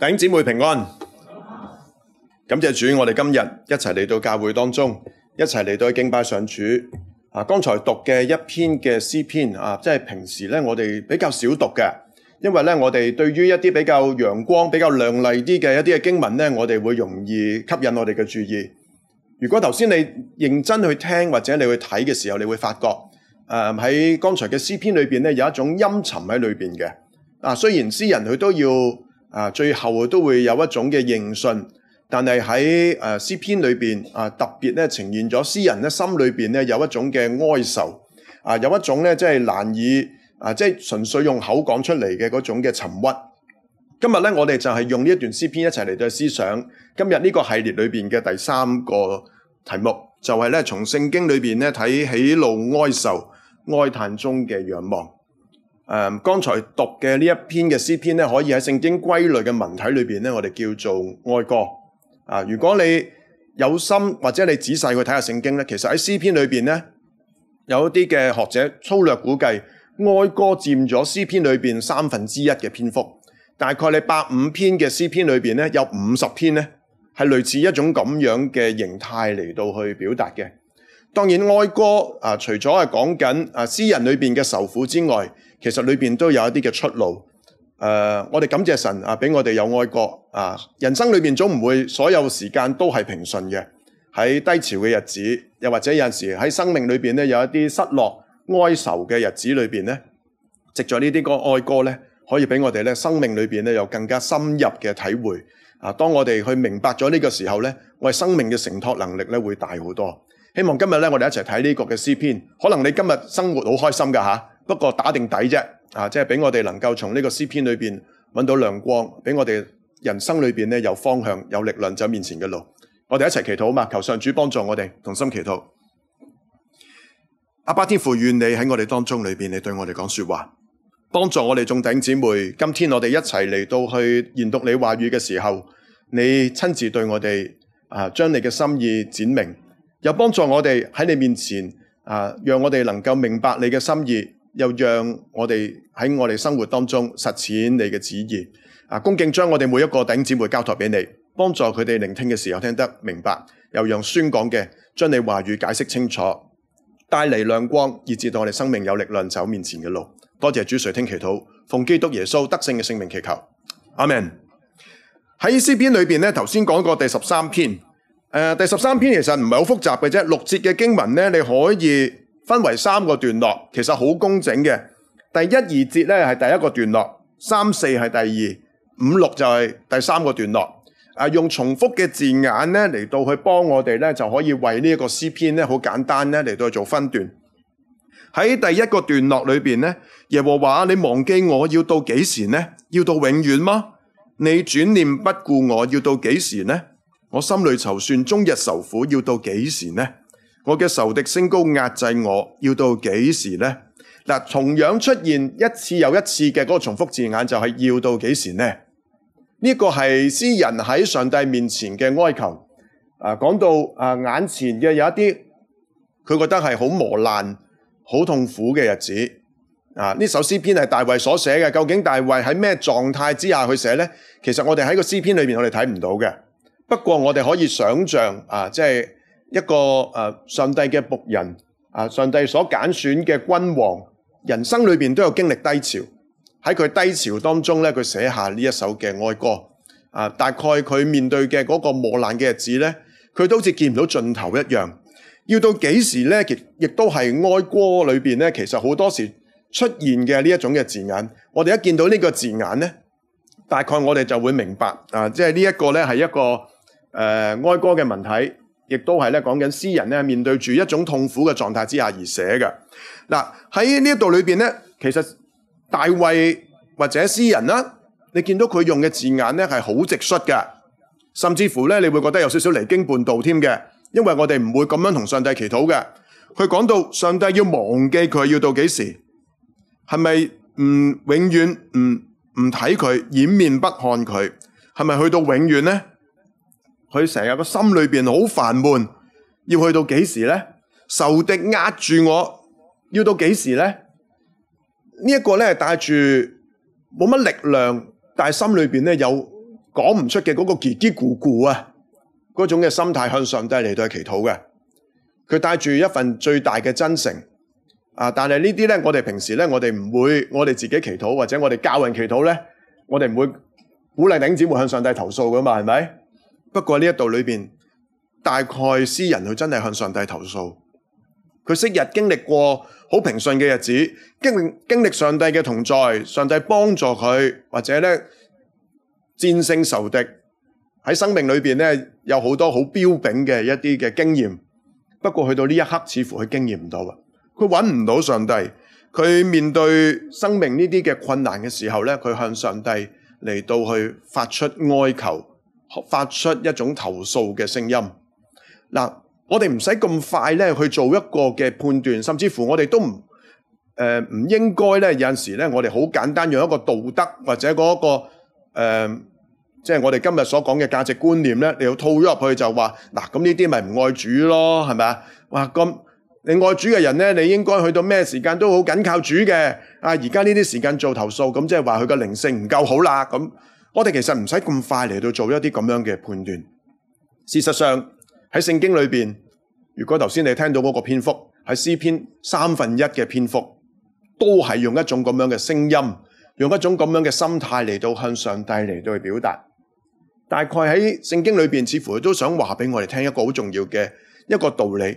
弟兄姐妹平安，感謝主，我哋今日一齊嚟到教會當中，一齊嚟到去敬拜上主。啊，剛才讀嘅一篇嘅詩篇啊，即係平時咧我哋比較少讀嘅，因為咧我哋對於一啲比較陽光、比較亮麗啲嘅一啲嘅經文咧，我哋會容易吸引我哋嘅注意。如果頭先你認真去聽或者你去睇嘅時候，你會發覺誒喺、啊、剛才嘅詩篇裏面咧有一種陰沉喺裏面嘅。啊，雖然詩人佢都要。啊，最後都會有一種嘅認信，但係喺誒詩篇裏邊啊，特別咧呈現咗詩人咧心裏邊咧有一種嘅哀愁，啊，有一種咧即係難以啊，即係純粹用口講出嚟嘅嗰種嘅沉鬱。今日咧我哋就係用呢一段詩篇一齊嚟到思想，今日呢個系列裏邊嘅第三個題目就係咧從聖經裏邊咧睇喜怒哀愁哀嘆中嘅仰望。誒，剛才讀嘅呢一篇嘅詩篇咧，可以喺聖經歸類嘅文體裏面，咧，我哋叫做哀歌啊。如果你有心或者你仔細去睇下聖經咧，其實喺詩篇裏面，咧，有一啲嘅學者粗略估計，哀歌佔咗詩篇裏面三分之一嘅篇幅，大概你百五篇嘅詩篇裏面，咧，有五十篇咧係類似一種咁樣嘅形態嚟到去表達嘅。當然哀歌啊，除咗係講緊啊詩人裏面嘅愁苦之外，其實裏面都有一啲嘅出路。誒、呃，我哋感謝神啊，俾我哋有哀歌啊。人生裏面總唔會所有時間都係平順嘅。喺低潮嘅日子，又或者有陣時喺生，生命裏面有一啲失落、哀愁嘅日子裏面，咧，藉住呢啲歌、哀歌咧，可以俾我哋生命裏面咧有更加深入嘅體會。啊，當我哋去明白咗呢個時候咧，我哋生命嘅承托能力咧會大好多。希望今日我哋一齊睇呢個嘅詩篇。可能你今日生活好開心噶吓。啊不過打定底啫，啊！即係俾我哋能夠從呢個詩篇裏面揾到亮光，俾我哋人生裏面有方向、有力量走面前嘅路。我哋一齊祈禱嘛！求上主幫助我哋，同心祈禱。阿爸天父，願你喺我哋當中裏面你對我哋講說話，幫助我哋眾頂姐妹。今天我哋一齊嚟到去研讀你話語嘅時候，你親自對我哋啊，將你嘅心意展明，又幫助我哋喺你面前啊，讓我哋能夠明白你嘅心意。又讓我哋喺我哋生活當中實踐你嘅旨意，啊，恭敬將我哋每一個弟兄姊妹交託俾你，幫助佢哋聆聽嘅時候聽得明白，又讓宣講嘅將你的話語解釋清楚，帶嚟亮光，以致到我哋生命有力量走面前嘅路。多謝主垂聽祈禱，奉基督耶穌得勝嘅聖名祈求，阿門。喺詩篇裏面呢，頭先講過第十三篇，誒、呃，第十三篇其實唔係好複雜嘅啫，六節嘅經文呢，你可以。分為三個段落，其實好工整嘅。第一二節呢係第一個段落，三四係第二，五六就係第三個段落。啊，用重複嘅字眼呢，嚟到去幫我哋呢，就可以為呢一個詩篇呢好簡單呢，嚟到去做分段。喺第一個段落裏面呢，耶和華，你忘記我要到幾時呢？要到永遠嗎？你轉念不顧我要到幾時呢？我心裏籌算，終日受苦要到幾時呢？我嘅仇敵升高壓制我，要到幾時呢？嗱，同樣出現一次又一次嘅嗰個重複字眼，就係要到幾時呢？呢個係詩人喺上帝面前嘅哀求啊，講到啊眼前嘅有一啲，佢覺得係好磨難、好痛苦嘅日子啊。呢首詩篇係大衛所寫嘅，究竟大衛喺咩狀態之下去寫咧？其實我哋喺個詩篇裏邊，我哋睇唔到嘅。不過我哋可以想象啊，即係。一個誒，上帝嘅僕人，啊，上帝所揀選嘅君王，人生裏邊都有經歷低潮，喺佢低潮當中呢，佢寫下呢一首嘅哀歌，啊，大概佢面對嘅嗰個磨難嘅日子呢，佢都好似見唔到盡頭一樣，要到幾時呢？其亦都係哀歌裏邊呢，其實好多時出現嘅呢一種嘅字眼，我哋一見到呢個字眼呢，大概我哋就會明白，啊，即係呢一個呢係一個誒、呃、哀歌嘅文體。亦都係咧講緊詩人咧面對住一種痛苦嘅狀態之下而寫嘅。嗱，喺呢一度裏邊咧，其實大衛或者詩人啦，你見到佢用嘅字眼咧係好直率嘅，甚至乎咧你會覺得有少少離經叛道添嘅。因為我哋唔會咁樣同上帝祈禱嘅。佢講到上帝要忘記佢要到幾時，係咪唔永遠唔唔睇佢，掩面不看佢，係咪去到永遠咧？佢成日個心裏面好煩悶，要去到幾時咧？仇敵壓住我，要到幾時咧？這個、呢一個咧，帶住冇乜力量，但係心裏面咧有講唔出嘅嗰個嘰嘰咕咕啊，嗰種嘅心態向上帝嚟到祈禱嘅。佢帶住一份最大嘅真誠啊，但係呢啲咧，我哋平時咧，我哋唔會我哋自己祈禱，或者我哋教人祈禱呢，我哋唔會鼓勵弟兄姊妹向上帝投訴噶嘛，係咪？不過呢度裏面，大概詩人佢真係向上帝投訴，佢昔日經歷過好平順嘅日子，經經歷上帝嘅同在，上帝幫助佢，或者咧戰勝仇敵喺生命裏面咧有好多好標炳嘅一啲嘅經驗。不過去到呢一刻，似乎佢經驗唔到，佢搵唔到上帝。佢面對生命呢啲嘅困難嘅時候呢，佢向上帝嚟到去發出哀求。發出一種投訴嘅聲音，嗱，我哋唔使咁快去做一個嘅判斷，甚至乎我哋都唔誒唔應該呢，有陣時我哋好簡單用一個道德或者嗰、那、一個即係、呃就是、我哋今日所講嘅價值觀念咧，你要套咗入去就話嗱，咁呢啲咪唔愛主咯，係咪啊？咁你愛主嘅人呢，你應該去到咩時間都好緊靠主嘅，啊，而家呢啲時間做投訴，咁即係話佢個靈性唔夠好啦，我哋其實唔使咁快嚟到做一啲咁樣嘅判斷。事實上喺聖經裏面，如果頭先你聽到嗰個篇幅係詩篇三分一嘅篇幅，都係用一種咁樣嘅聲音，用一種咁樣嘅心態嚟到向上帝嚟到去表達。大概喺聖經裏面，似乎都想話俾我哋聽一個好重要嘅一個道理。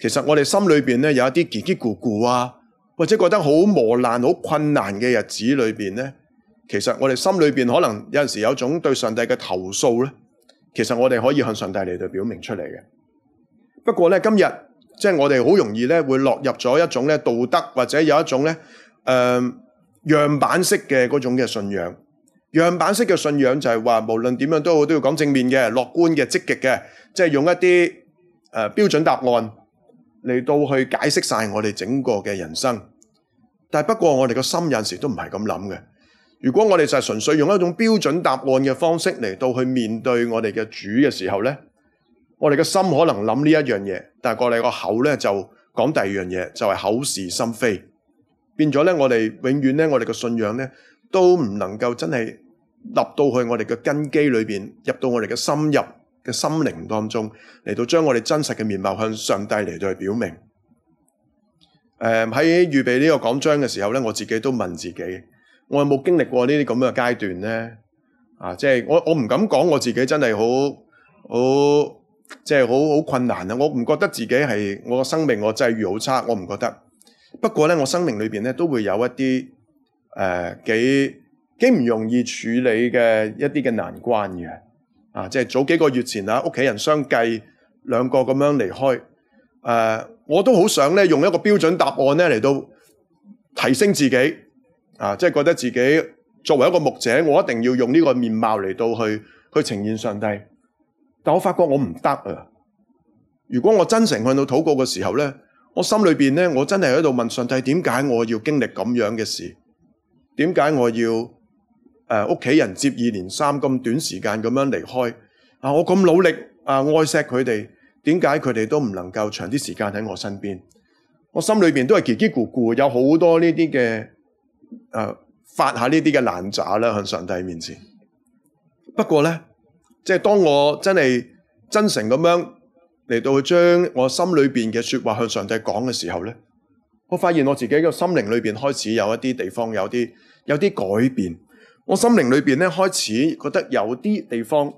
其實我哋心裏面呢有一啲嘰嘰咕咕啊，或者覺得好磨難、好困難嘅日子裏面呢。其實我哋心裏面可能有陣時有一種對上帝嘅投訴咧，其實我哋可以向上帝嚟到表明出嚟嘅。不過呢，今日即係我哋好容易咧會落入咗一種咧道德或者有一種咧誒、呃、樣板式嘅嗰種嘅信仰。樣板式嘅信仰就係話，無論點樣都好，都要講正面嘅、樂觀嘅、積極嘅，即係用一啲誒、呃、標準答案嚟到去解釋晒我哋整個嘅人生。但不過我哋個心有陣時都唔係咁諗嘅。如果我哋就係純粹用一種標準答案嘅方式嚟到去面對我哋嘅主嘅時候呢，我哋嘅心可能諗呢一樣嘢，但係過嚟個口呢，就講第二樣嘢，就係、是、口是心非，變咗呢，我哋永遠呢，我哋嘅信仰呢，都唔能夠真係立到去我哋嘅根基裏面，入到我哋嘅深入嘅心靈當中，嚟到將我哋真實嘅面貌向上帝嚟到去表明。誒、嗯，喺預備呢個講章嘅時候呢，我自己都問自己。我有冇經歷過呢啲咁嘅階段呢？啊，就是，我我唔敢講我自己真係好好，好就是，好好困難啊！我唔覺得自己係我個生命我個際遇好差，我唔覺得。不過呢，我生命裏面都會有一啲誒幾幾唔容易處理嘅一啲嘅難關嘅，啊，即，就，係，是，早幾個月前啦，屋企人相繼兩個咁樣離開，誒、呃，我都好想呢，用一個標準答案呢嚟到提升自己。啊！即係覺得自己作為一個牧者，我一定要用呢個面貌嚟到去去呈現上帝。但我發覺我唔得啊！如果我真誠去到禱告嘅時候咧，我心裏邊咧，我真係喺度問上帝：點解我要經歷咁樣嘅事？點解我要誒屋企人接二連三咁短時間咁樣離開啊？我咁努力啊，愛錫佢哋，點解佢哋都唔能夠長啲時間喺我身邊？我心裏邊都係嘰嘰咕咕，有好多呢啲嘅。誒、呃，發下呢啲嘅爛渣啦，向上帝面前。不過咧，即係當我真係真誠咁樣嚟到去將我心裏邊嘅說話向上帝講嘅時候咧，我發現我自己個心靈裏邊開始有一啲地方有啲有啲改變。我心靈裏邊咧，開始覺得有啲地方誒、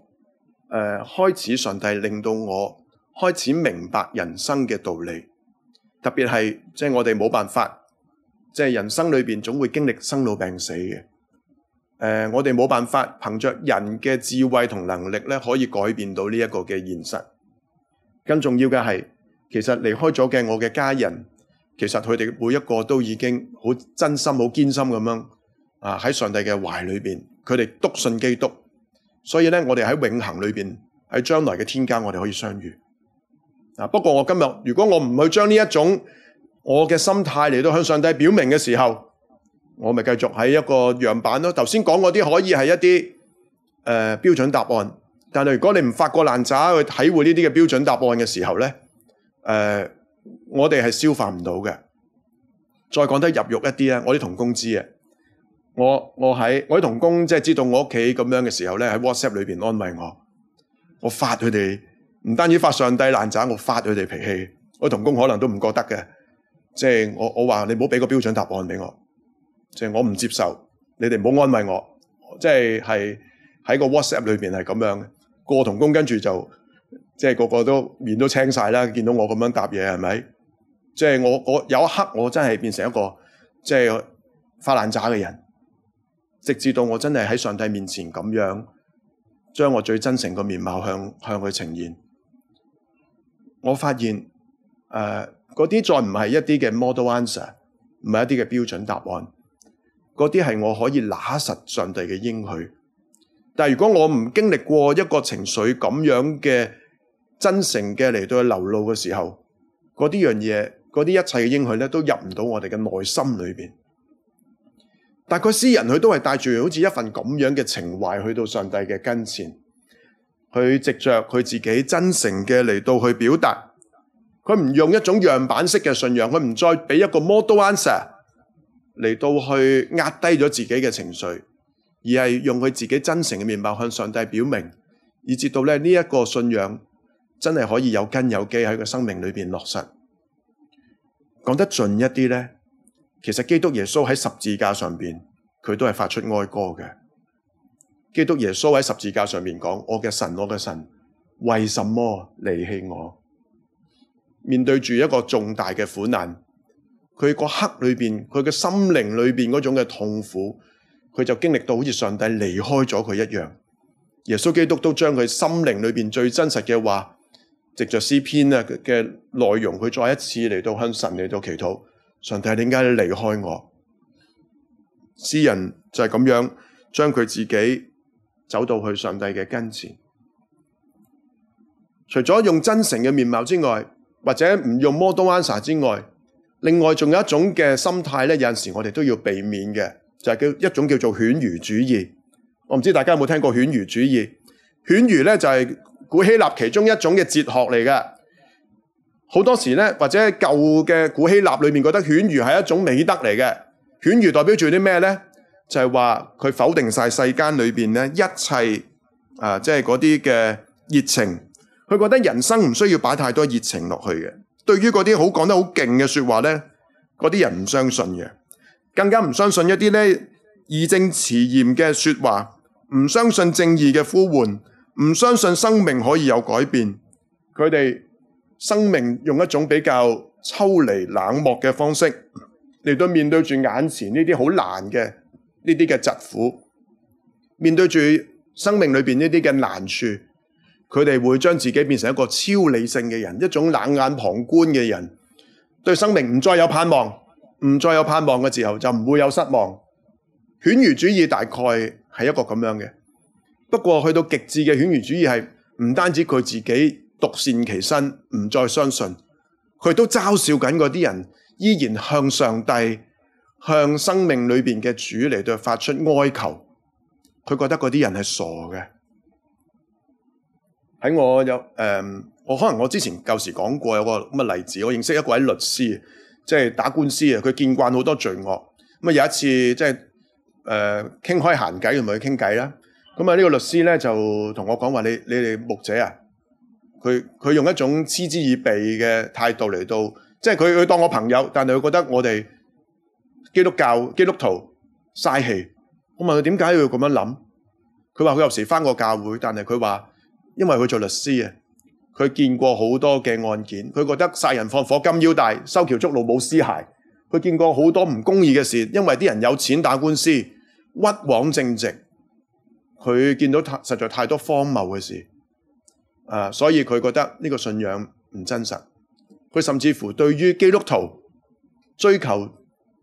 呃，開始上帝令到我開始明白人生嘅道理，特別係即係我哋冇辦法。即係人生裏面總會經歷生老病死嘅，呃，我哋冇辦法憑着人嘅智慧同能力咧，可以改變到呢一個嘅現實。更重要嘅係，其實離開咗嘅我嘅家人，其實佢哋每一個都已經好真心、好堅心咁樣喺上帝嘅懷裏邊，佢哋篤信基督，所以咧，我哋喺永恆裏面，喺將來嘅天家，我哋可以相遇。啊，不過我今日如果我唔去將呢一種，我嘅心態嚟到向上帝表明嘅時候，我咪繼續喺一個樣板咯。頭先講嗰啲可以係一啲誒、呃、標準答案，但係如果你唔發個爛渣去體會呢啲嘅標準答案嘅時候呢、呃，我哋係消化唔到嘅。再講得入獄一啲啊！我啲同工知嘅，我我喺我啲同工即係知道我屋企咁樣嘅時候呢，喺 WhatsApp 裏面安慰我，我發佢哋唔單止發上帝爛渣，我發佢哋脾氣。我的同工可能都唔覺得嘅。即係我我話你唔好畀個標準答案俾我，即係我唔接受，你哋唔好安慰我。即係係喺個 WhatsApp 裏邊係咁樣，個同工跟住就即係個個都面都青晒啦，見到我咁樣答嘢係咪？即係我我有一刻我真係變成一個即係發爛渣嘅人，直至到我真係喺上帝面前咁樣，將我最真誠嘅面貌向向佢呈現。我發現誒。呃嗰啲再唔係一啲嘅 model answer，唔係一啲嘅標準答案，嗰啲係我可以拿實上帝嘅應許。但如果我唔經歷過一個情緒咁樣嘅真誠嘅嚟到的流露嘅時候，嗰啲樣嘢，嗰啲一切嘅應許咧，都入唔到我哋嘅內心裏面。大概個詩人佢都係帶住好似一份咁樣嘅情懷去到上帝嘅跟前，去執着佢自己真誠嘅嚟到去表達。佢唔用一種樣板式嘅信仰，佢唔再俾一個 model answer 嚟到去壓低咗自己嘅情緒，而係用佢自己真誠嘅面貌向上帝表明，以至到咧呢一個信仰真係可以有根有基喺佢生命裏面落實。講得盡一啲呢，其實基督耶穌喺十字架上面，佢都係發出哀歌嘅。基督耶穌喺十字架上面講：我嘅神，我嘅神，為什麼離棄我？面對住一個重大嘅苦難，佢個刻裏邊，佢嘅心靈裏面嗰種嘅痛苦，佢就經歷到好似上帝離開咗佢一樣。耶穌基督都將佢心靈裏面最真實嘅話，藉着詩篇啊嘅內容，佢再一次嚟到向神嚟到祈禱，上帝係點解要離開我？詩人就係咁樣，將佢自己走到去上帝嘅跟前，除咗用真誠嘅面貌之外，或者唔用 model answer 之外，另外仲有一種嘅心態咧，有陣時我哋都要避免嘅，就係叫一種叫做犬儒主義。我唔知大家有冇聽過犬儒主義？犬儒咧就係古希臘其中一種嘅哲學嚟嘅。好多時咧，或者舊嘅古希臘裏面覺得犬儒係一種美德嚟嘅。犬儒代表住啲咩咧？就係話佢否定曬世間裏邊咧一切啊，即係嗰啲嘅熱情。佢覺得人生唔需要擺太多熱情落去嘅。對於嗰啲好講得好勁嘅説話呢，嗰啲人唔相信嘅，更加唔相信一啲呢義正辭嚴嘅説話，唔相信正義嘅呼喚，唔相信生命可以有改變。佢哋生命用一種比較抽離冷漠嘅方式嚟到面對住眼前呢啲好難嘅呢啲嘅疾苦，面對住生命裏面呢啲嘅難處。佢哋會將自己變成一個超理性嘅人，一種冷眼旁觀嘅人，對生命唔再有盼望，唔再有盼望嘅時候就唔會有失望。犬儒主義大概係一個咁樣嘅，不過去到極致嘅犬儒主義係唔單止佢自己獨善其身，唔再相信，佢都嘲笑緊嗰啲人依然向上帝、向生命裏面嘅主嚟到發出哀求，佢覺得嗰啲人係傻嘅。喺我有誒、呃，我可能我之前舊時講過有個例子，我認識一個位律師，即係打官司啊。佢見慣好多罪惡，有一次即係誒傾開閒偈，同埋佢傾偈啦。咁啊呢個律師呢，就同我講話：你你哋牧者啊，佢佢用一種嗤之以鼻嘅態度嚟到，即係佢佢當我朋友，但係佢覺得我哋基督教基督徒嘥氣。我問佢點解要咁樣諗，佢話佢有時返過教會，但係佢話。因為佢做律師啊，佢見過好多嘅案件，佢覺得殺人放火金腰帶，修橋築路冇屍骸。佢見過好多唔公義嘅事，因為啲人有錢打官司屈枉正直，佢見到實太實在太多荒謬嘅事，啊，所以佢覺得呢個信仰唔真實，佢甚至乎對於基督徒追求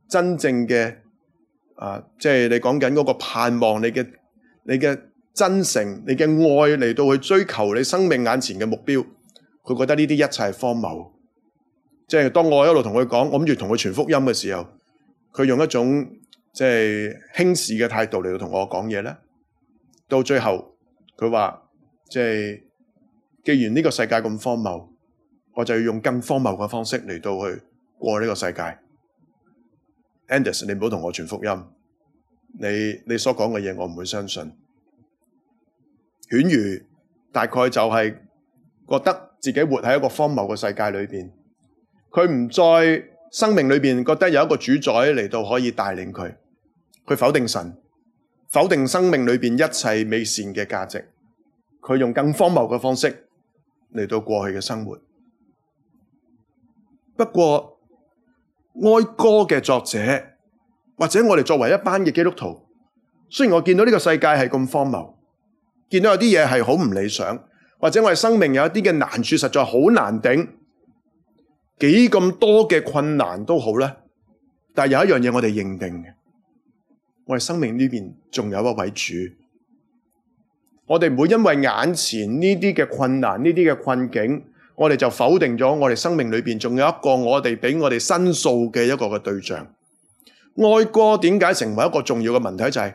真正嘅啊，即係你講緊嗰個盼望你嘅你嘅。真誠，你嘅愛嚟到去追求你生命眼前嘅目標，佢覺得呢啲一切係荒謬。即係當我一路同佢講，我諗住同佢傳福音嘅時候，佢用一種即係輕視嘅態度嚟到同我講嘢咧。到最後佢話，即係既然呢個世界咁荒謬，我就要用更荒謬嘅方式嚟到去過呢個世界。Andy，你唔好同我傳福音，你你所講嘅嘢我唔會相信。犬儒大概就係覺得自己活喺一個荒謬嘅世界裏面。佢唔喺生命裏面覺得有一個主宰嚟到可以帶領佢，佢否定神，否定生命裏面一切美善嘅價值，佢用更荒謬嘅方式嚟到過去嘅生活。不過哀歌嘅作者，或者我哋作為一班嘅基督徒，雖然我見到呢個世界係咁荒謬。見到有啲嘢係好唔理想，或者我哋生命有一啲嘅難處，實在好難頂，幾咁多嘅困難都好啦。但有一樣嘢，我哋認定我哋生命呢邊仲有一位主，我哋唔會因為眼前呢啲嘅困難、呢啲嘅困境，我哋就否定咗我哋生命裏面仲有一個我哋俾我哋申訴嘅一個嘅對象。愛過點解成為一個重要嘅問題？就係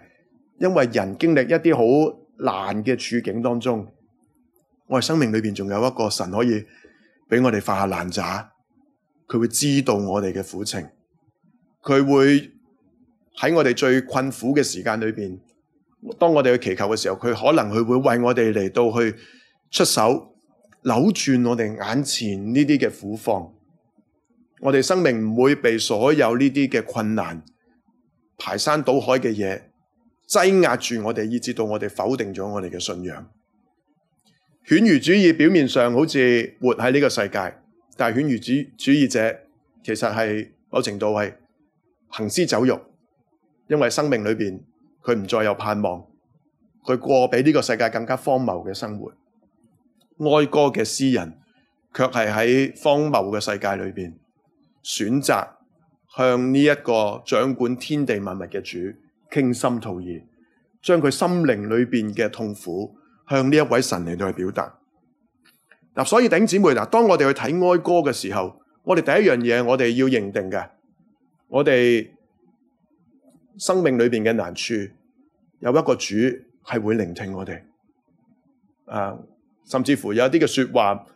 因為人經歷一啲好難嘅處境當中，我哋生命裏面仲有一個神可以俾我哋發下爛渣。佢會知道我哋嘅苦情，佢會喺我哋最困苦嘅時間裏面。當我哋去祈求嘅時候，佢可能佢會為我哋嚟到去出手扭轉我哋眼前呢啲嘅苦況，我哋生命唔會被所有呢啲嘅困難排山倒海嘅嘢。擠壓住我哋，以至到我哋否定咗我哋嘅信仰。犬儒主義表面上好似活喺呢個世界，但係犬儒主主義者其實係某程度係行屍走肉，因為生命裏邊佢唔再有盼望，佢過比呢個世界更加荒謬嘅生活。哀歌嘅詩人卻係喺荒謬嘅世界裏邊選擇向呢一個掌管天地萬物嘅主。傾心吐意，將佢心靈裏邊嘅痛苦向呢一位神嚟到去表達嗱、啊。所以頂姊妹嗱，當我哋去睇哀歌嘅時候，我哋第一樣嘢，我哋要認定嘅，我哋生命裏邊嘅難處有一個主係會聆聽我哋啊。甚至乎有一啲嘅說話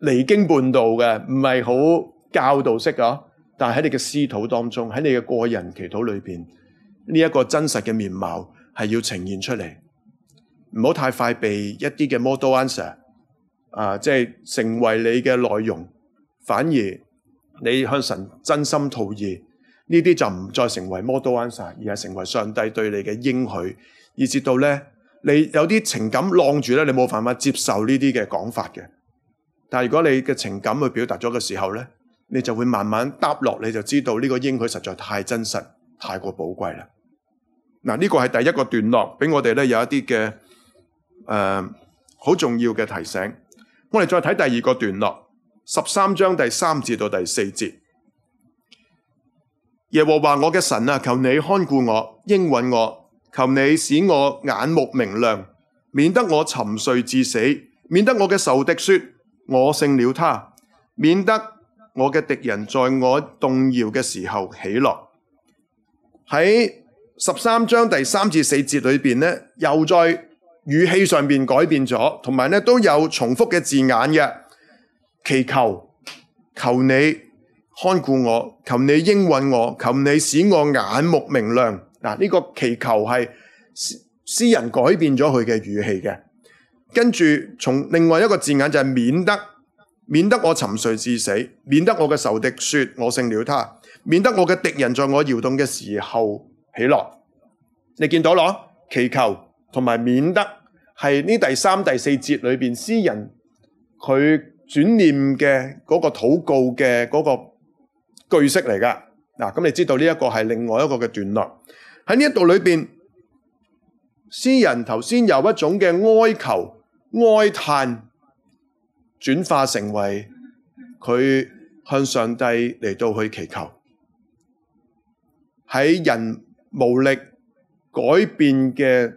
離經叛道嘅，唔係好教導式啊。但係喺你嘅私禱當中，喺你嘅個人祈禱裏邊。呢一個真實嘅面貌係要呈現出嚟，唔好太快被一啲嘅 model answer 啊，即係成為你嘅內容。反而你向神真心吐意，呢啲就唔再成為 model answer，而係成為上帝對你嘅應許。而至到呢，你有啲情感晾住咧，你冇辦法慢慢接受呢啲嘅講法嘅。但如果你嘅情感去表達咗嘅時候呢，你就會慢慢踏落，你就知道呢個應許實在太真實，太過寶貴啦。嗱，呢個係第一個段落，俾我哋咧有一啲嘅誒，好、呃、重要嘅提醒。我哋再睇第二個段落，十三章第三至到第四節。耶和華我嘅神啊，求你看顧我，應允我，求你使我眼目明亮，免得我沉睡至死，免得我嘅仇敵說我勝了他，免得我嘅敵人在我動搖嘅時候喜樂喺。在十三章第三至四節裏邊咧，又在語氣上面改變咗，同埋咧都有重複嘅字眼嘅祈求，求你看顧我，求你應允我，求你使我眼目明亮。嗱，呢個祈求係詩人改變咗佢嘅語氣嘅。跟住從另外一個字眼就係免得，免得我沉睡至死，免得我嘅仇敵說我勝了他，免得我嘅敵人在我搖動嘅時候。喜樂，你見到咯？祈求同埋免得，係呢第三、第四節裏邊，詩人佢轉念嘅嗰個禱告嘅嗰個句式嚟噶。嗱、啊，咁你知道呢一個係另外一個嘅段落喺呢一度裏邊，詩人頭先由一種嘅哀求、哀嘆，轉化成為佢向上帝嚟到去祈求喺人。無力改變嘅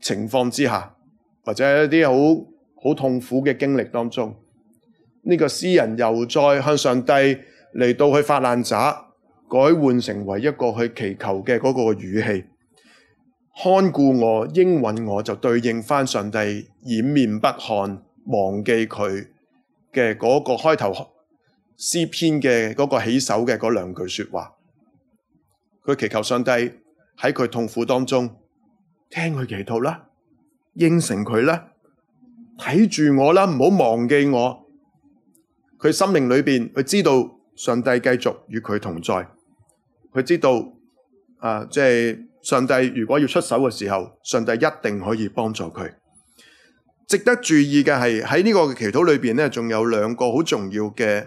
情況之下，或者一啲好好痛苦嘅經歷當中，呢、這個詩人又再向上帝嚟到去發爛渣，改換成為一個去祈求嘅嗰個語氣，看顧我應允我，就對應翻上帝掩面不看、忘記佢嘅嗰個開頭，詩篇嘅嗰個起首嘅嗰兩句說話。佢祈求上帝喺佢痛苦當中聽佢祈禱啦，應承佢啦，睇住我啦，唔好忘記我。佢心靈裏邊佢知道上帝繼續與佢同在，佢知道啊，即係上帝如果要出手嘅時候，上帝一定可以幫助佢。值得注意嘅係喺呢個祈禱裏邊咧，仲有兩個好重要嘅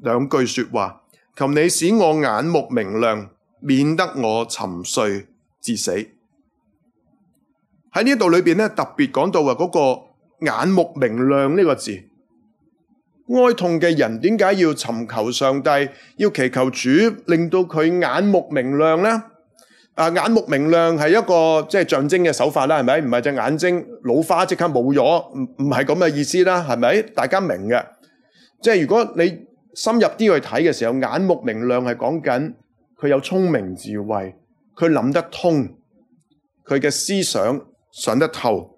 兩句說話：求你使我眼目明亮。免得我沉睡至死。喺呢度裏邊特別講到話嗰個眼目明亮呢個字，哀痛嘅人點解要尋求上帝，要祈求主，令到佢眼目明亮呢？啊，眼目明亮係一個即、就是、象徵嘅手法啦，係咪？唔係只眼睛老花即刻冇咗，唔唔係咁嘅意思啦，係咪？大家明嘅，即係如果你深入啲去睇嘅時候，眼目明亮係講緊。佢有聰明智慧，佢諗得通，佢嘅思想想得透。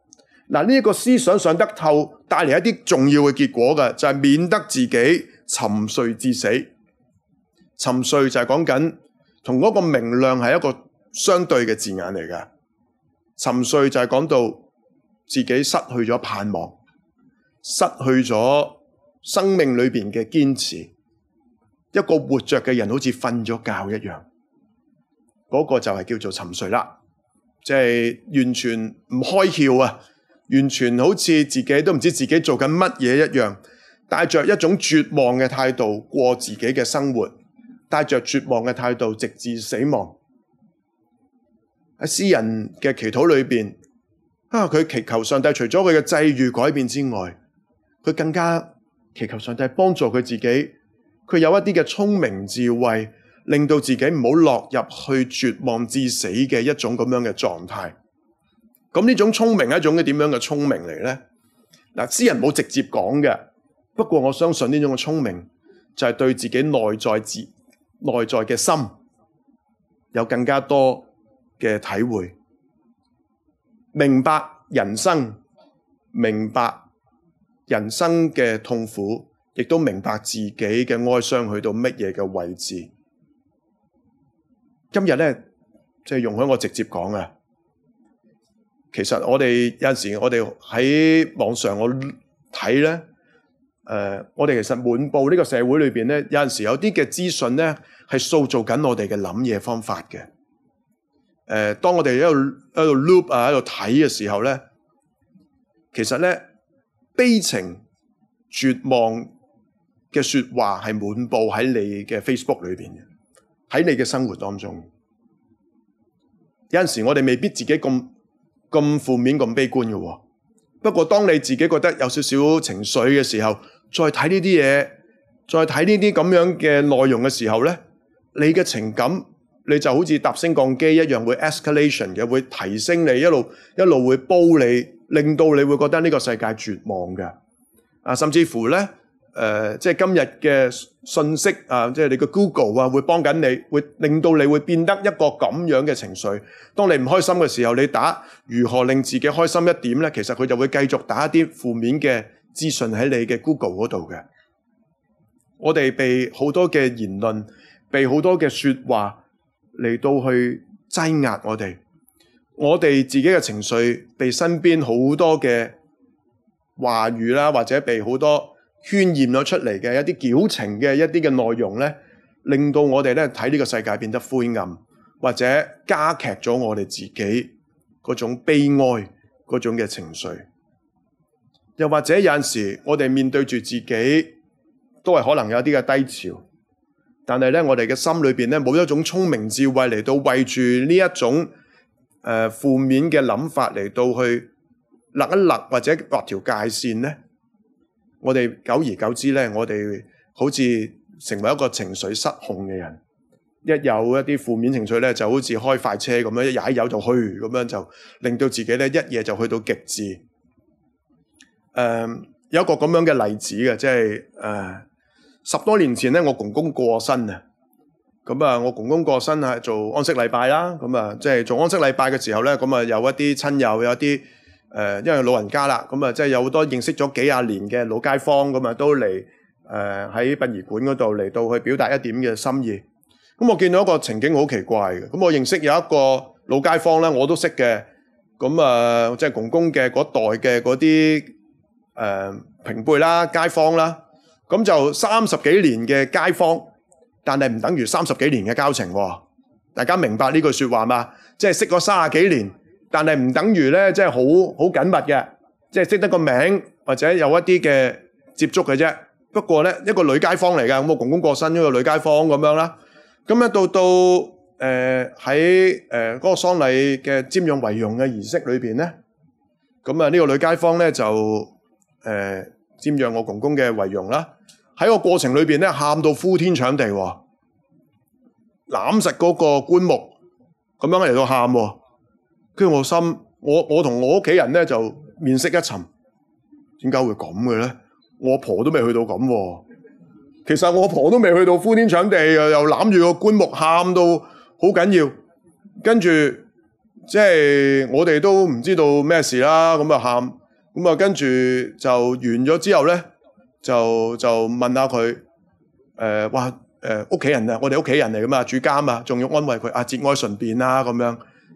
嗱，呢一個思想想得透，帶嚟一啲重要嘅結果嘅，就係、是、免得自己沉睡至死。沉睡就係講緊同嗰個明亮係一個相對嘅字眼嚟嘅。沉睡就係講到自己失去咗盼望，失去咗生命裏面嘅堅持。一個活着嘅人好似瞓咗覺一樣，嗰、那個就係叫做沉睡啦，即、就、係、是、完全唔開竅啊，完全好似自己都唔知道自己做緊乜嘢一樣，帶着一種絕望嘅態度過自己嘅生活，帶着絕望嘅態度直至死亡。喺詩人嘅祈禱裏面，啊，佢祈求上帝除咗佢嘅際遇改變之外，佢更加祈求上帝幫助佢自己。佢有一啲嘅聰明智慧，令到自己唔好落入去絕望致死嘅一種咁樣嘅狀態。咁呢種聰明係一種嘅點樣嘅聰明嚟呢？嗱，詩人冇直接講嘅，不過我相信呢種嘅聰明就係對自己內在自內在嘅心有更加多嘅體會，明白人生，明白人生嘅痛苦。亦都明白自己嘅哀傷去到乜嘢嘅位置。今日咧，就容許我直接講啊。其實我哋有陣時，我哋喺網上我睇咧，誒、呃，我哋其實滿布呢個社會裏邊咧，有陣時有啲嘅資訊咧，係塑造緊我哋嘅諗嘢方法嘅。誒、呃，當我哋喺度喺度 loop 啊，喺度睇嘅時候咧，其實咧悲情、絕望。嘅說話係滿布喺你嘅 Facebook 裏邊嘅，喺你嘅生活當中，有陣時我哋未必自己咁咁負面、咁悲觀嘅哦。不過當你自己覺得有少少情緒嘅時候，再睇呢啲嘢，再睇呢啲咁樣嘅內容嘅時候咧，你嘅情感你就好似搭升降機一樣，會 escalation 嘅，會提升你一路一路會煲你，令到你會覺得呢個世界絕望嘅，啊，甚至乎咧。誒、呃，即係今日嘅信息啊、呃，即係你嘅 Google 啊，會幫緊你，會令到你會變得一個咁樣嘅情緒。當你唔開心嘅時候，你打，如何令自己開心一點咧？其實佢就會繼續打一啲負面嘅資訊喺你嘅 Google 嗰度嘅。我哋被好多嘅言論，被好多嘅說話嚟到去擠壓我哋，我哋自己嘅情緒被身邊好多嘅話語啦，或者被好多。渲染咗出嚟嘅一啲矯情嘅一啲嘅內容呢，令到我哋呢睇呢個世界變得灰暗，或者加劇咗我哋自己嗰種悲哀嗰種嘅情緒。又或者有陣時我哋面對住自己，都係可能有一啲嘅低潮。但係呢，我哋嘅心裏邊呢冇一種聰明智慧嚟到為住呢一種誒、呃、負面嘅諗法嚟到去立一立或者劃條界線呢。我哋久而久之呢，我哋好似成為一個情緒失控嘅人，一有一啲負面情緒呢，就好似開快車咁樣，一踩油就去咁樣就，就令到自己呢一夜就去到極致。誒、呃，有一個咁樣嘅例子嘅，即係、呃、十多年前呢，我公公過身啊。咁啊，我公公過身啊，做安息禮拜啦。咁啊，即係做安息禮拜嘅時候呢，咁啊有一啲親友，有一啲。誒，因為老人家啦，咁啊，即係有好多認識咗幾廿年嘅老街坊，咁啊都嚟誒喺殯儀館嗰度嚟到去表達一點嘅心意。咁我見到一個情景好奇怪嘅，咁我認識有一個老街坊咧，我都識嘅，咁啊即係公公嘅嗰代嘅嗰啲誒平輩啦，街坊啦，咁就三十幾年嘅街坊，但係唔等於三十幾年嘅交情喎，哦。大家明白呢句説話嘛？即係識咗三十幾年。但係唔等於呢，即係好緊密嘅，即係識得個名或者有一啲嘅接觸嘅啫。不過呢，一個女街坊嚟嘅，我公公過身呢個女街坊咁樣啦。咁一到到誒喺誒嗰個喪禮嘅瞻仰遺容嘅儀式裏面呢，咁啊呢個女街坊呢，就誒瞻仰我公公嘅遺容啦。喺個過程裏面呢，喊到呼天搶地喎，攬實嗰個棺木，咁樣嚟到喊喎。跟住我心，我我同我屋企人咧就面色一沉，點解會咁嘅咧？我阿婆都未去到咁，啊，其實我阿婆都未去到，呼天搶地又又攬住個棺木喊到好緊要，跟住即係我哋都唔知道咩事啦，咁啊喊，咁啊跟住就完咗之後咧，就就問下佢，誒、呃，哇，誒、呃，屋企人啊，我哋屋企人嚟噶嘛，主家嘛，仲要安慰佢啊，節哀順變啊，咁樣。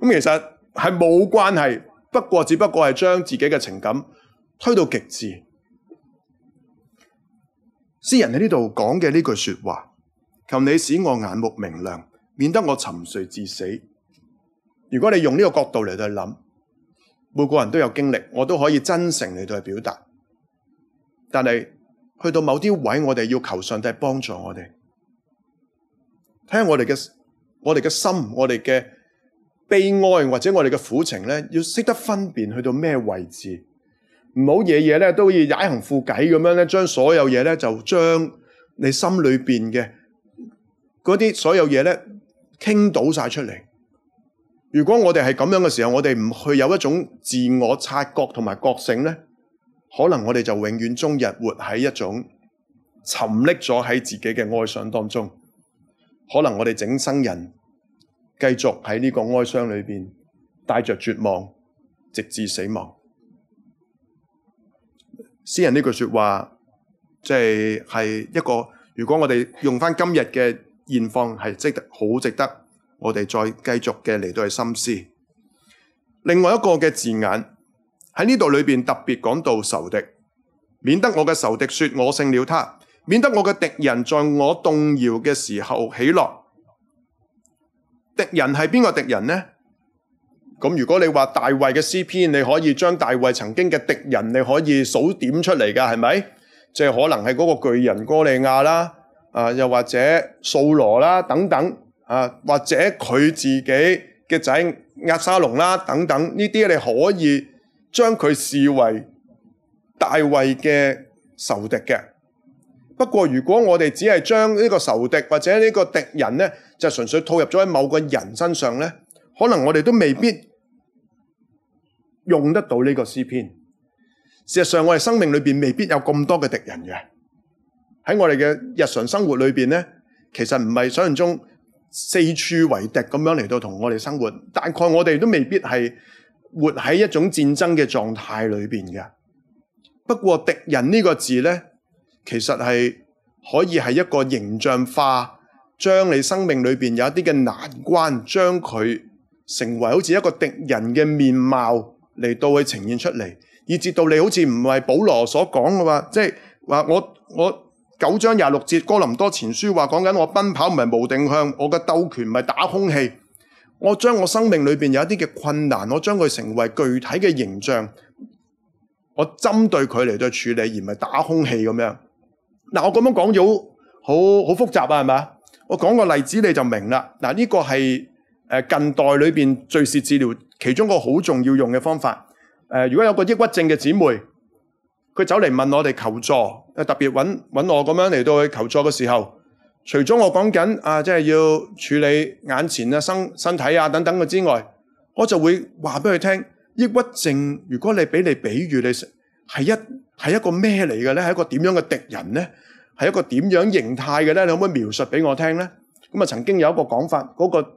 咁其實係冇關係，不過只不過係將自己嘅情感推到極致。詩人喺呢度講嘅呢句說話，求你使我眼目明亮，免得我沉睡至死。如果你用呢個角度嚟到去諗，每個人都有經歷，我都可以真誠嚟到去表達。但係去到某啲位，我哋要求上帝幫助我哋，睇下我哋嘅我哋嘅心，我哋嘅。悲哀或者我哋嘅苦情呢，要識得分辨去到咩位置，唔好夜夜呢都要踩行褲計咁樣呢，將所有嘢呢就將你心裏邊嘅嗰啲所有嘢呢傾倒晒出嚟。如果我哋係咁樣嘅時候，我哋唔去有一種自我察覺同埋覺醒呢，可能我哋就永遠終日活喺一種沉溺咗喺自己嘅哀傷當中，可能我哋整生人。繼續喺呢個哀傷裏面，帶着絕望，直至死亡。詩人呢句說話，即係係一個，如果我哋用返今日嘅現況，係值得好值得我哋再繼續嘅嚟到去深思。另外一個嘅字眼喺呢度裏邊特別講到仇敵，免得我嘅仇敵說我勝了他，免得我嘅敵人在我動搖嘅時候喜樂。敵人係邊個敵人呢？咁如果你話大衛嘅詩篇，你可以將大衛曾經嘅敵人，你可以數點出嚟㗎，係咪？即係可能係嗰個巨人哥利亞啦，啊，又或者掃羅啦等等，啊，或者佢自己嘅仔押沙龍啦等等，呢啲你可以將佢視為大衛嘅仇敵嘅。不過如果我哋只係將呢個仇敵或者呢個敵人呢，就純粹套入咗喺某個人身上呢，可能我哋都未必用得到呢個詩篇。事實上，我哋生命裏面未必有咁多嘅敵人嘅。喺我哋嘅日常生活裏邊呢，其實唔係想象中四處為敵咁樣嚟到同我哋生活。大概我哋都未必係活喺一種戰爭嘅狀態裏邊嘅。不過敵人呢個字呢，其實係可以係一個形象化，將你生命裏面有一啲嘅難關，將佢成為好似一個敵人嘅面貌嚟到去呈現出嚟，以致到你好似唔係保羅所講嘅話，即係話我我九章廿六節哥林多前書話講緊我奔跑唔係無定向，我嘅鬥拳唔係打空氣，我將我生命裏面有一啲嘅困難，我將佢成為具體嘅形象，我針對佢嚟到處理，而唔係打空氣咁樣。嗱，我咁樣講咗好好複雜啊，係嘛？我講個例子你就明啦。嗱，呢個係近代裏面敘事治療其中一個好重要用嘅方法、呃。如果有個抑鬱症嘅姐妹，佢走嚟問我哋求助，特別揾揾我咁樣嚟到去求助嘅時候，除咗我講緊即係要處理眼前啊身、身體啊等等嘅之外，我就會話俾佢聽：抑鬱症，如果你俾你比喻，你係一係一個咩嚟嘅咧？係一個點樣嘅敵人呢？」係一個點樣形態嘅呢？你可唔可以描述俾我聽呢？咁啊，曾經有一個講法，嗰、那個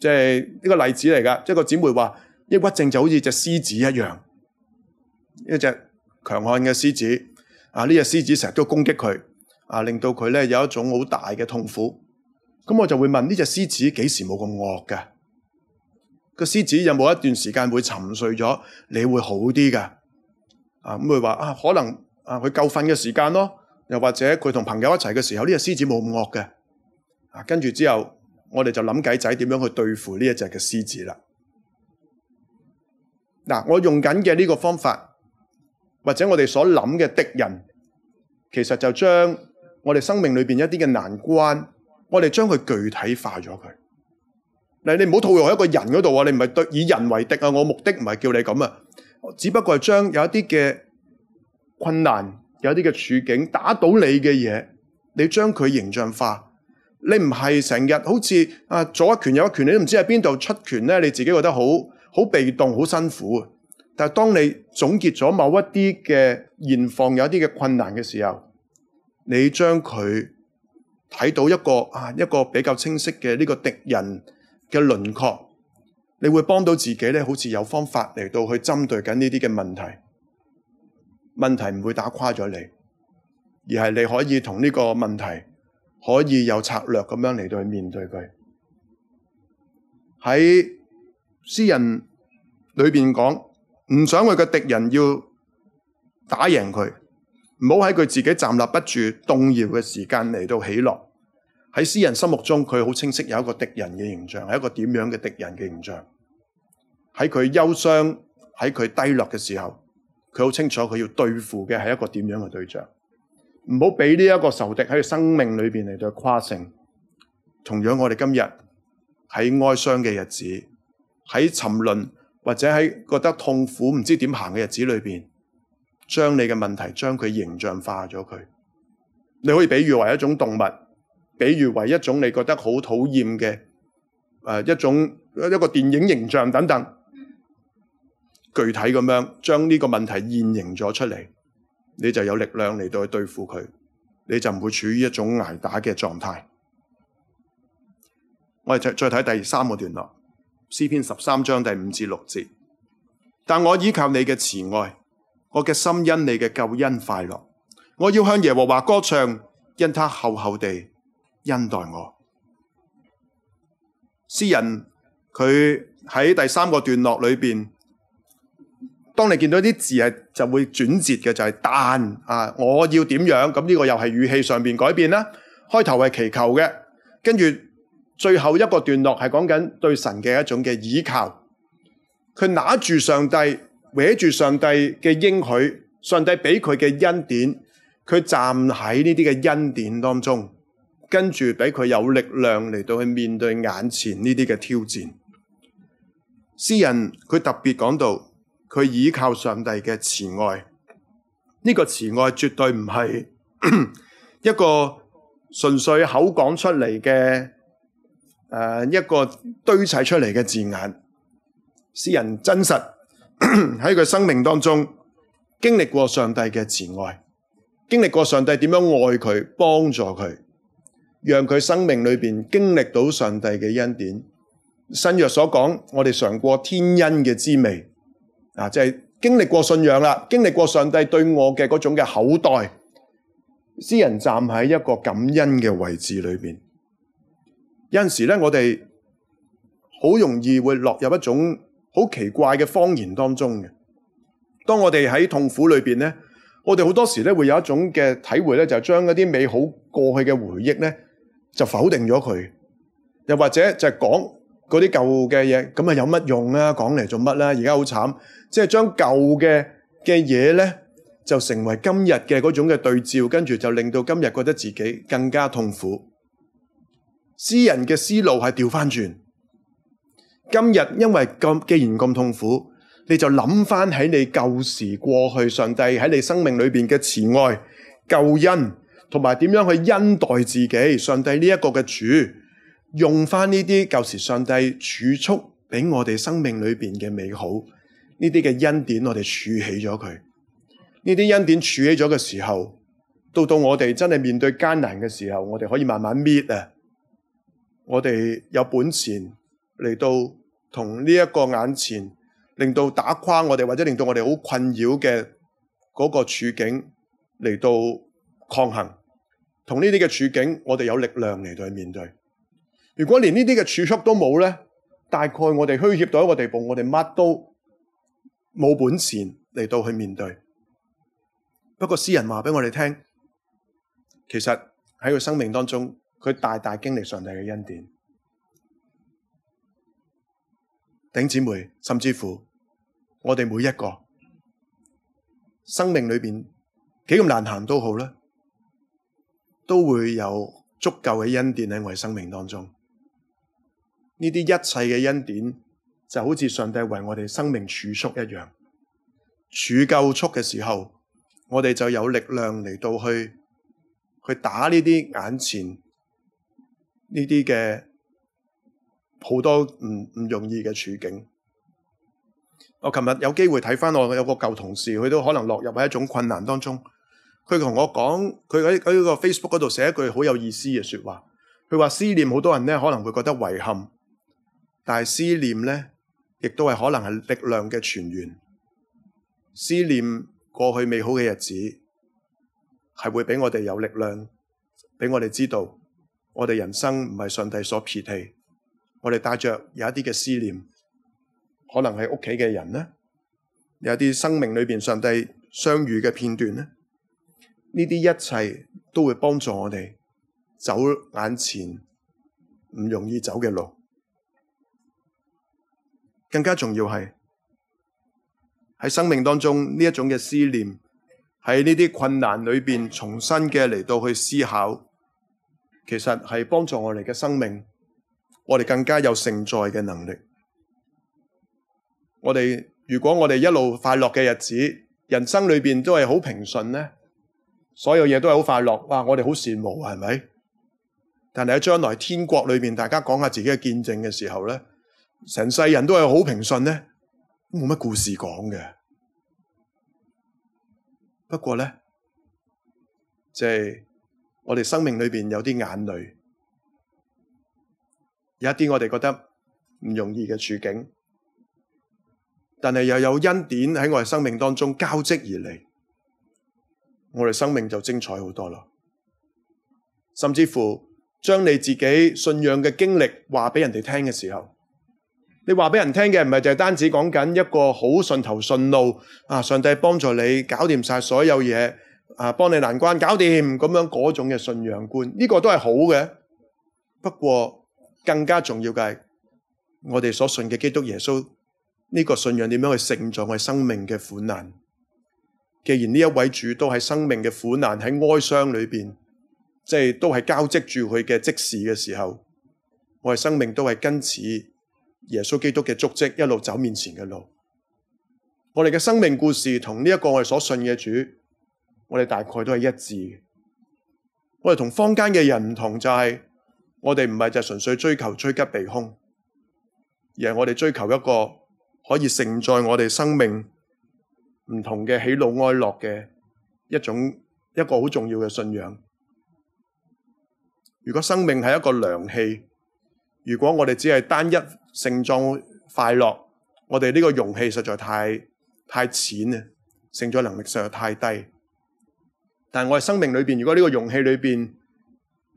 即係一個例子嚟噶，即係個姊妹話：抑鬱症就好似隻獅子一樣，一隻強悍嘅獅子啊！呢隻獅子成日都攻擊佢啊，令到佢呢有一種好大嘅痛苦。咁、啊、我就會問：呢隻獅子幾時冇咁惡嘅？個、啊、獅子有冇一段時間會沉睡咗，你會好啲噶？啊咁佢話啊，可能啊佢夠瞓嘅時間咯。又或者佢同朋友一齊嘅時候，呢、這、隻、個、獅子冇咁惡嘅，啊，跟住之後我哋就諗計仔點樣去對付呢一隻嘅獅子啦。嗱、啊，我用緊嘅呢個方法，或者我哋所諗嘅敵人，其實就將我哋生命裏面一啲嘅難關，我哋將佢具體化咗佢、啊。你唔好套用喺一個人嗰度啊，你唔係以人為敵啊，我目的唔係叫你咁啊，只不過係將有一啲嘅困難。有啲嘅處境打到你嘅嘢，你將佢形象化，你唔係成日好似啊，左一拳，右一拳，你都唔知喺邊度出拳咧，你自己覺得好好被動，好辛苦，但係當你總結咗某一啲嘅現況，有一啲嘅困難嘅時候，你將佢睇到一個啊一個比較清晰嘅呢個敵人嘅輪廓，你會幫到自己咧，好似有方法嚟到去針對緊呢啲嘅問題。問題唔會打垮咗你，而係你可以同呢個問題可以有策略咁樣嚟到去面對佢。喺詩人裏面講，唔想佢嘅敵人要打贏佢，唔好喺佢自己站立不住、動搖嘅時間嚟到起落。喺詩人心目中，佢好清晰有一個敵人嘅形象，係一個點樣嘅敵人嘅形象。喺佢憂傷、喺佢低落嘅時候。佢好清楚，佢要對付嘅係一個點樣嘅對象，唔好俾呢一個仇敵喺生命裏邊嚟到誇勝。同樣，我哋今日喺哀傷嘅日子，喺沉淪或者喺覺得痛苦唔知點行嘅日子裏邊，將你嘅問題將佢形象化咗佢。你可以比喻為一種動物，比喻為一種你覺得好討厭嘅、呃，一種，一個電影形象等等。具體咁樣將呢個問題現形咗出嚟，你就有力量嚟到去對付佢，你就唔會處於一種捱打嘅狀態。我哋再睇第三個段落，詩篇十三章第五至六節。但我依靠你嘅慈愛，我嘅心因你嘅救恩快樂，我要向耶和華歌唱，因他厚厚地恩待我。詩人佢喺第三個段落裏邊。當你見到啲字就會轉折嘅，就係但啊，我要點樣咁。呢個又係語氣上邊改變啦。開頭係祈求嘅，跟住最後一個段落係講緊對神嘅一種嘅倚靠。佢拿住上帝，搲住上帝嘅應許，上帝畀佢嘅恩典，佢站喺呢啲嘅恩典當中，跟住俾佢有力量嚟到去面對眼前呢啲嘅挑戰。詩人佢特別講到。佢倚靠上帝嘅慈愛，呢、這個慈愛絕對唔係 一個純粹口講出嚟嘅，誒、呃、一個堆砌出嚟嘅字眼。詩人真實喺佢 生命當中經歷過上帝嘅慈愛，經歷過上帝點樣愛佢、幫助佢，讓佢生命裏邊經歷到上帝嘅恩典。新約所講，我哋嘗過天恩嘅滋味。嗱，即係經歷過信仰啦，經歷過上帝對我嘅嗰種嘅厚待，詩人站喺一個感恩嘅位置裡面。有陣時咧，我哋好容易會落入一種好奇怪嘅謊言當中嘅。當我哋喺痛苦裡面呢，我哋好多時咧會有一種嘅體會呢，就是將一啲美好過去嘅回憶呢就否定咗佢，又或者就係講。嗰啲舊嘅嘢，咁係有乜用啊？講嚟做乜啦？而家好慘，即係將舊嘅嘅嘢呢，就成為今日嘅嗰種嘅對照，跟住就令到今日覺得自己更加痛苦。詩人嘅思路係掉返轉，今日因為既然咁痛苦，你就諗翻喺你舊時過去，上帝喺你生命裏面嘅慈愛、救恩，同埋點樣去恩待自己，上帝呢一個嘅主。用翻呢啲舊時上帝儲蓄俾我哋生命裏邊嘅美好，呢啲嘅恩典我，我哋儲起咗佢。呢啲恩典儲起咗嘅時候，到到我哋真係面對艱難嘅時候，我哋可以慢慢搣啊。我哋有本錢嚟到同呢一個眼前，令到打垮我哋或者令到我哋好困擾嘅嗰個處境嚟到抗衡，同呢啲嘅處境我哋有力量嚟到去面對。如果連呢啲嘅儲蓄都冇咧，大概我哋虛怯到一個地步，我哋乜都冇本錢嚟到去面對。不過詩人話俾我哋聽，其實喺佢生命當中，佢大大經歷上帝嘅恩典。頂姊妹，甚至乎我哋每一個生命裏面，幾咁難行都好啦，都會有足夠嘅恩典喺我哋生命當中。呢啲一切嘅恩典，就好似上帝為我哋生命儲蓄一樣，儲夠足嘅時候，我哋就有力量嚟到去去打呢啲眼前呢啲嘅好多唔唔容易嘅處境。我琴日有機會睇返我有個舊同事，佢都可能落入喺一種困難當中。佢同我講，佢喺喺個 Facebook 嗰度寫一句好有意思嘅說話。佢話思念好多人咧，可能佢覺得遺憾。但係思念咧，亦都係可能係力量嘅泉源。思念過去美好嘅日子，係會俾我哋有力量，俾我哋知道，我哋人生唔係上帝所撇棄。我哋帶着有一啲嘅思念，可能係屋企嘅人咧，有啲生命裏面上帝相遇嘅片段咧，呢啲一切都會幫助我哋走眼前唔容易走嘅路。更加重要係喺生命當中呢一種嘅思念，喺呢啲困難裏面重新嘅嚟到去思考，其實係幫助我哋嘅生命，我哋更加有承載嘅能力。我哋如果我哋一路快樂嘅日子，人生裏面都係好平順呢，所有嘢都係好快樂，哇！我哋好羨慕係咪？但係喺將來天國裏面，大家講下自己嘅見證嘅時候呢。成世人都係好平順咧，都冇乜故事講嘅。不過呢，即係我哋生命裏面有啲眼淚，有一啲我哋覺得唔容易嘅處境，但係又有恩典喺我哋生命當中交織而嚟，我哋生命就精彩好多啦。甚至乎將你自己信仰嘅經歷話俾人哋聽嘅時候。你話俾人聽嘅唔係就係單止講緊一個好順頭順路啊，上帝幫助你搞掂晒所有嘢啊，幫你難關搞掂咁樣嗰種嘅信仰觀，呢個都係好嘅。不過更加重要嘅係我哋所信嘅基督耶穌呢個信仰點樣去承載我哋生命嘅苦難。既然呢一位主都係生命嘅苦難喺哀傷裏邊，即係都係交織住佢嘅即時嘅時候，我哋生命都係根治。耶穌基督嘅足跡一路走面前嘅路，我哋嘅生命故事同呢一個我哋所信嘅主，我哋大概都係一致嘅。我哋同坊間嘅人唔同，就係、是、我哋唔係就純粹追求追吉避凶，而係我哋追求一個可以承載我哋生命唔同嘅喜怒哀樂嘅一種一個好重要嘅信仰。如果生命係一個良器。如果我哋只係單一盛裝快樂，我哋呢個容器實在太太淺啊！盛裝能力實在太低。但我哋生命裏面，如果呢個容器裏面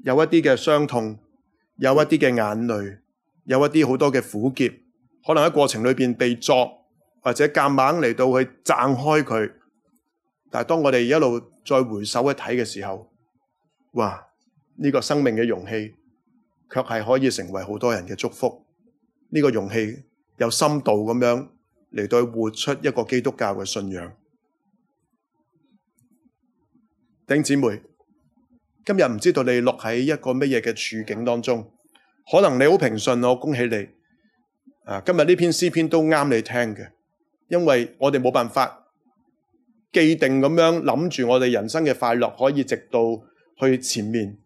有一啲嘅傷痛，有一啲嘅眼淚，有一啲好多嘅苦澀，可能喺過程裏面被作或者夾硬嚟到去掙開佢。但係當我哋一路再回首一睇嘅時候，哇！呢個生命嘅容器，卻係可以成為好多人嘅祝福。呢、這個容器有深度咁樣嚟，對活出一個基督教嘅信仰。頂姊妹，今日唔知道你落喺一個乜嘢嘅處境當中，可能你好平順，我恭喜你。啊，今日呢篇詩篇都啱你聽嘅，因為我哋冇辦法既定咁樣諗住我哋人生嘅快樂可以直到去前面。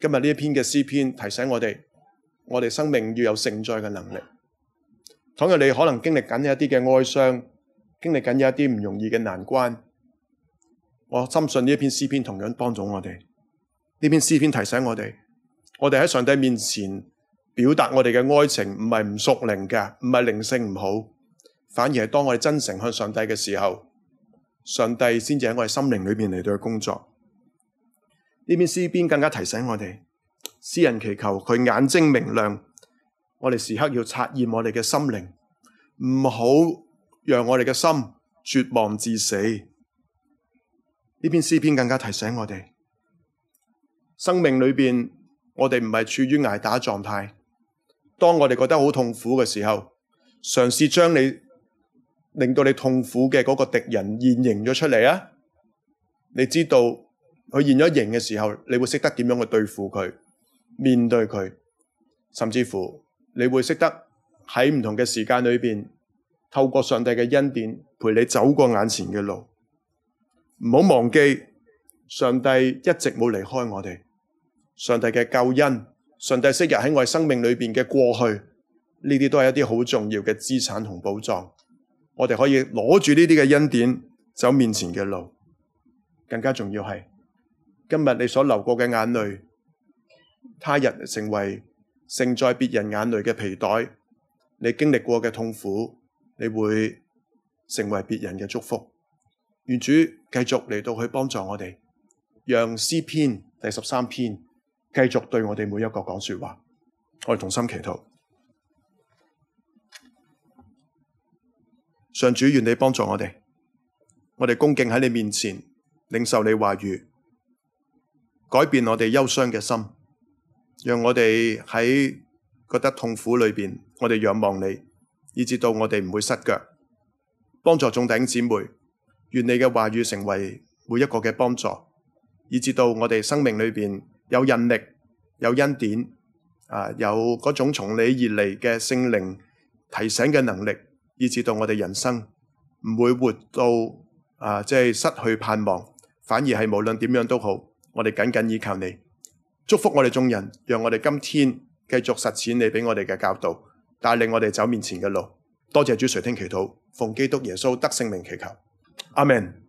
今日呢篇嘅詩篇提醒我哋，我哋生命要有承載嘅能力。倘若你可能經歷緊一啲嘅哀傷，經歷緊一啲唔容易嘅難關，我深信呢篇詩篇同樣幫助我哋。呢篇詩篇提醒我哋，我哋喺上帝面前表達我哋嘅愛情不是不，唔係唔屬靈嘅，唔係靈性唔好，反而係當我哋真誠向上帝嘅時候，上帝先至喺我哋心靈裏面嚟到工作。呢篇詩篇更加提醒我哋，詩人祈求佢眼睛明亮，我哋時刻要察驗我哋嘅心靈，唔好讓我哋嘅心絕望致死。呢篇詩篇更加提醒我哋，生命裏邊我哋唔係處於挨打狀態。當我哋覺得好痛苦嘅時候，嘗試將你令到你痛苦嘅嗰個敵人現形咗出嚟啊！你知道。佢現咗形嘅時候，你會識得點樣去對付佢、面對佢，甚至乎你會識得喺唔同嘅時間裏邊，透過上帝嘅恩典陪你走過眼前嘅路。唔好忘記，上帝一直冇離開我哋。上帝嘅救恩，上帝昔日喺我哋生命裏邊嘅過去，呢啲都係一啲好重要嘅資產同寶藏。我哋可以攞住呢啲嘅恩典走面前嘅路，更加重要係。今日你所流過嘅眼淚，他日成為盛在別人眼淚嘅皮袋；你經歷過嘅痛苦，你會成為別人嘅祝福。願主繼續嚟到去幫助我哋，讓詩篇第十三篇繼續對我哋每一個講說話。我哋同心祈禱，上主願你幫助我哋，我哋恭敬喺你面前，領受你話語。改變我哋憂傷嘅心，讓我哋喺覺得痛苦裏邊，我哋仰望你，以至到我哋唔會失腳，幫助眾頂姊妹，願你嘅話語成為每一個嘅幫助，以至到我哋生命裏邊有印力，有恩典，啊，有嗰種從你而嚟嘅聖靈提醒嘅能力，以至到我哋人生唔會活到啊，即係失去盼望，反而係無論點樣都好。我哋緊緊依靠你，祝福我哋眾人，讓我哋今天繼續實踐你俾我哋嘅教導，帶領我哋走面前嘅路。多謝主垂聽祈禱，奉基督耶穌得聖名祈求，阿門。